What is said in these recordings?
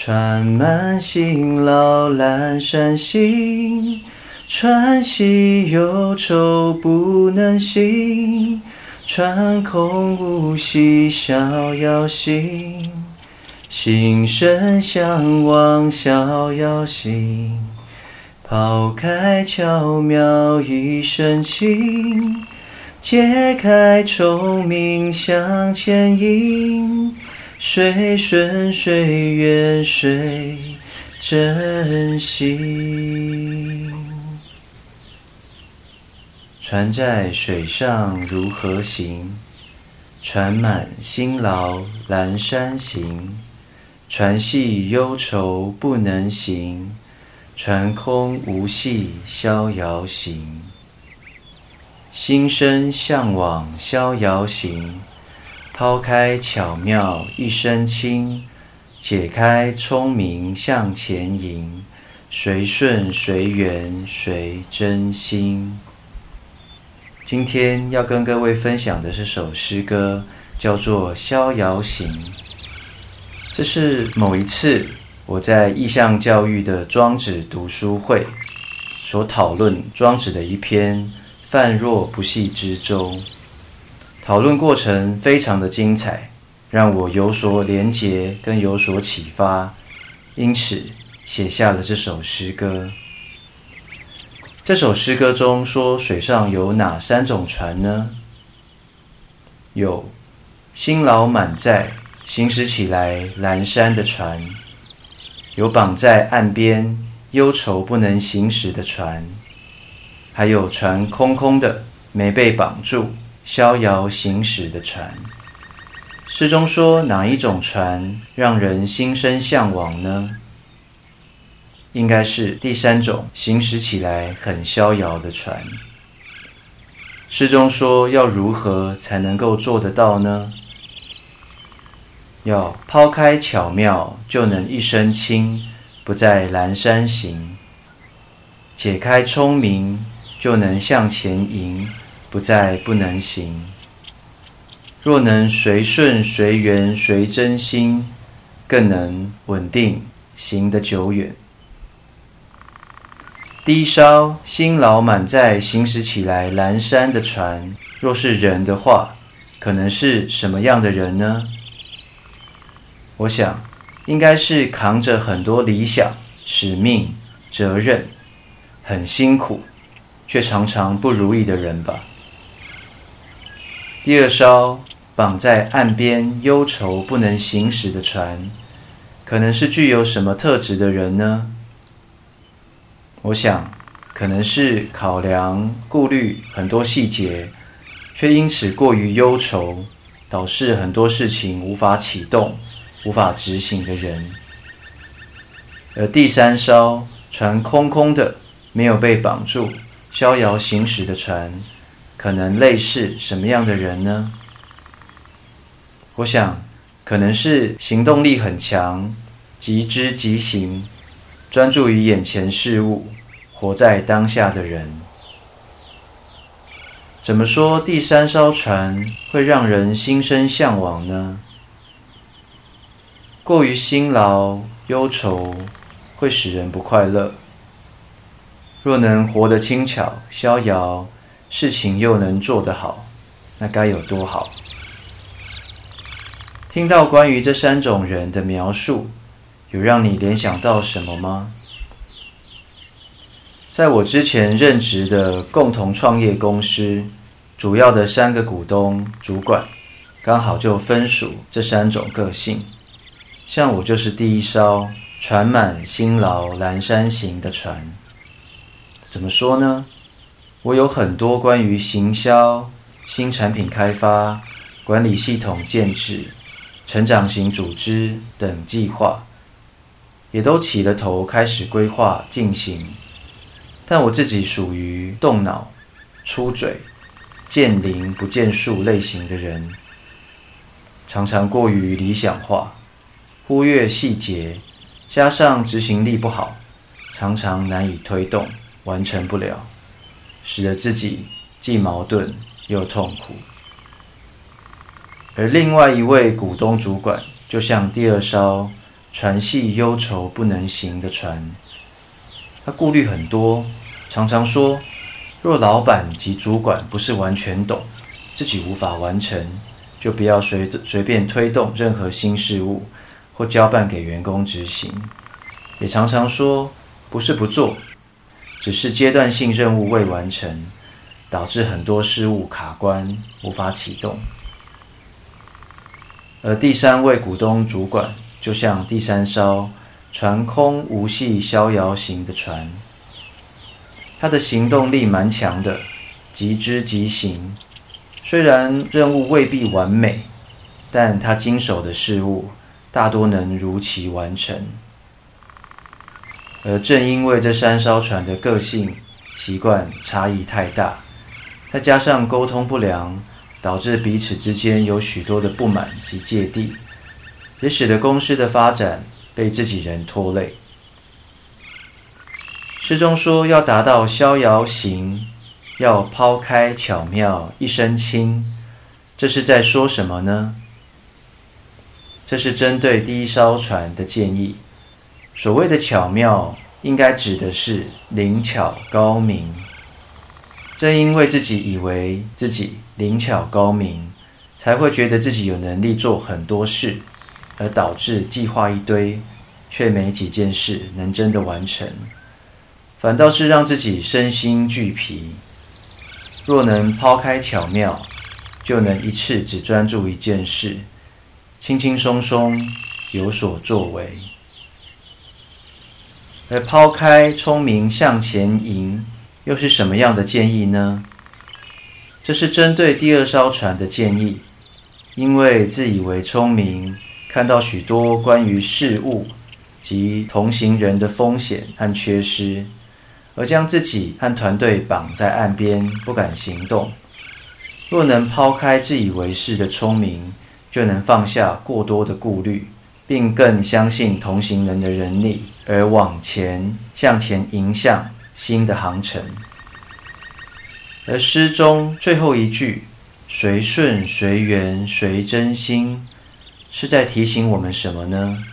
船滿辛勞闌珊行，船繫憂愁不能行，船空無繫逍遙行，心生嚮往逍遙行，拋開巧妙一身輕，解開聰明，向前迎。隨順隨緣隨真心，船在水上如何行？船滿辛勞闌珊行，船繫憂愁不能行，船空無繫逍遙行。心生嚮往逍遙行。拋開巧妙一身輕，解開聰明向前迎，隨順隨緣隨真心。今天要跟各位分享的是首詩歌，叫做《逍遙行》。這是某一次我在意向教育的莊子讀書會所討論莊子的一篇《泛若不繫之舟》。討論過程非常的精彩，讓我有所聯結跟有所啟發，因此寫下了這首詩歌。這首詩歌中說水上有哪三種船呢？有辛勞滿載、行駛起來闌珊的船；有綁在岸邊、憂愁不能行駛的船；還有船空空的、沒被綁住。逍遙行駛的船，詩中說哪一種船讓人心生嚮往呢？應該是第三種，行駛起來很逍遙的船。詩中說要如何才能夠做得到呢？要拋開巧妙，就能一身輕，不再闌珊行；解開聰明，就能向前迎。不在不能行，若能隨順隨緣隨真心，更能穩定行得久遠。第一艘辛勞滿載行駛起來闌珊的船，若是人的話，可能是什麼樣的人呢？我想，應該是扛着很多理想、使命、責任，很辛苦，卻常常不如意的人吧。第二艘綁在岸邊憂愁不能行駛的船，可能是具有什麼特質的人呢？我想，可能是考量、顧慮很多細節，卻因此過於憂愁，導致很多事情無法啟動、無法執行的人。而第三艘船空空的，沒有被綁住，逍遙行駛的船。可能類似什麼樣的人呢？我想，可能是行動力很強、即知即行、專注於眼前事物、活在當下的人。怎麼說第三艘船會讓人心生嚮往呢？過於辛勞、憂愁會使人不快樂。若能活得輕巧、逍遙。事情又能做得好，那該有多好！聽到關於這三種人的描述，有讓你聯想到什麼嗎？在我之前任職的共同創業公司，主要的三個股東主管，剛好就分屬這三種個性。像我就是第一艘“船滿辛勞闌珊行”的船，怎麼說呢？我有很多關於行銷、新產品開發、管理系統建置、成長型組織等計劃，也都起了頭，開始規劃進行。但我自己屬於動腦、出嘴、見林不見樹類型的人，常常過於理想化，忽略細節，加上執行力不好，常常難以推動，完成不了。使得自己既矛盾又痛苦，而另外一位股東主管，就像第二艘船繫憂愁不能行的船，他顧慮很多，常常說：若老板及主管不是完全懂，自己無法完成，就不要隨隨便推動任何新事物，或交辦給員工執行。也常常說：不是不做。只是階段性任務未完成，導致很多事務卡關，無法啟動。而第三位股東主管，就像第三艘船空無繫逍遙行的船，他的行動力蠻強的，即知即行。雖然任務未必完美，但他經手的事物大多能如期完成。而正因為這三艘船的個性、習慣差異太大，再加上溝通不良，導致彼此之間有許多的不滿及芥蒂，也使得公司的發展被自己人拖累。詩中說要達到逍遙行，要拋開巧妙一身輕，這是在說什麼呢？這是針對第一艘船的建議。所謂的巧妙，應該指的是靈巧高明。正因為自己以為自己靈巧高明，才會覺得自己有能力做很多事，而導致計劃一堆，卻沒幾件事能真的完成。反倒是讓自己身心俱疲。若能拋開巧妙，就能一次只專注一件事，輕輕鬆鬆有所作為。而拋開聰明向前迎，又是什麼樣的建議呢？這是針對第二艘船的建議，因為自以為聰明，看到許多關於事物及同行人的風險和缺失，而將自己和團隊綁在岸邊不敢行動。若能拋開自以為是的聰明，就能放下過多的顧慮。並更相信同行人的能力，而往前向前迎向新的航程。而詩中最後一句“隨順隨緣隨真心”是在提醒我們什麼呢？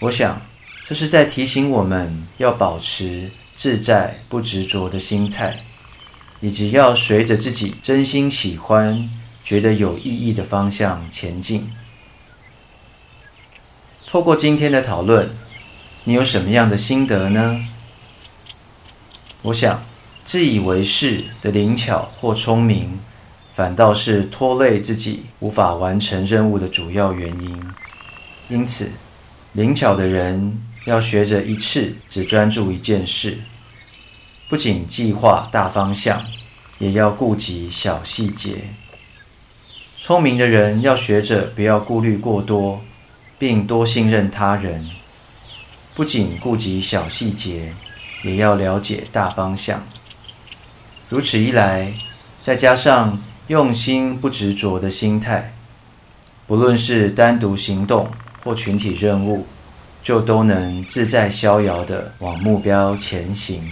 我想，這、就是在提醒我們要保持自在不執着的心態，以及要隨着自己真心喜歡、覺得有意義的方向前進。透過今天的討論，你有什麼樣的心得呢？我想，自以為是的靈巧或聰明，反倒是拖累自己無法完成任務的主要原因。因此，靈巧的人要學着一次只專注一件事，不僅計劃大方向，也要顧及小細節。聰明的人要學着不要顧慮過多。並多信任他人，不僅顧及小細節，也要了解大方向。如此一來，再加上用心不執着的心態，不論是單獨行動或群體任務，就都能自在逍遙地往目標前行。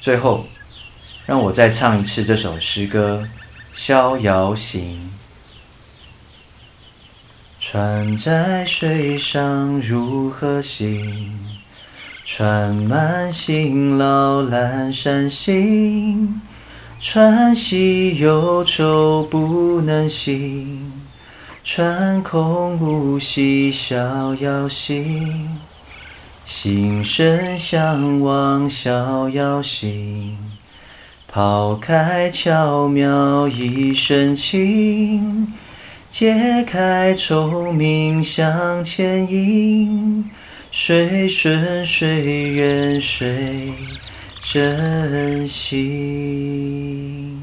最後，讓我再唱一次這首詩歌《逍遙行》。船在水上如何行？船滿辛勞闌珊行，船繫憂愁不能行。船空無繫，逍遙行，心生嚮往逍遙行，拋開巧妙一身輕。解開聰明向前迎，隨順隨緣隨真心。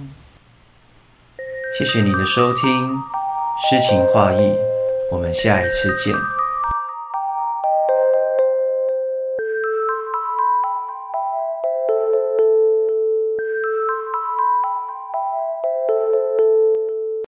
謝謝你的收聽，詩情畫意，我們下一次見。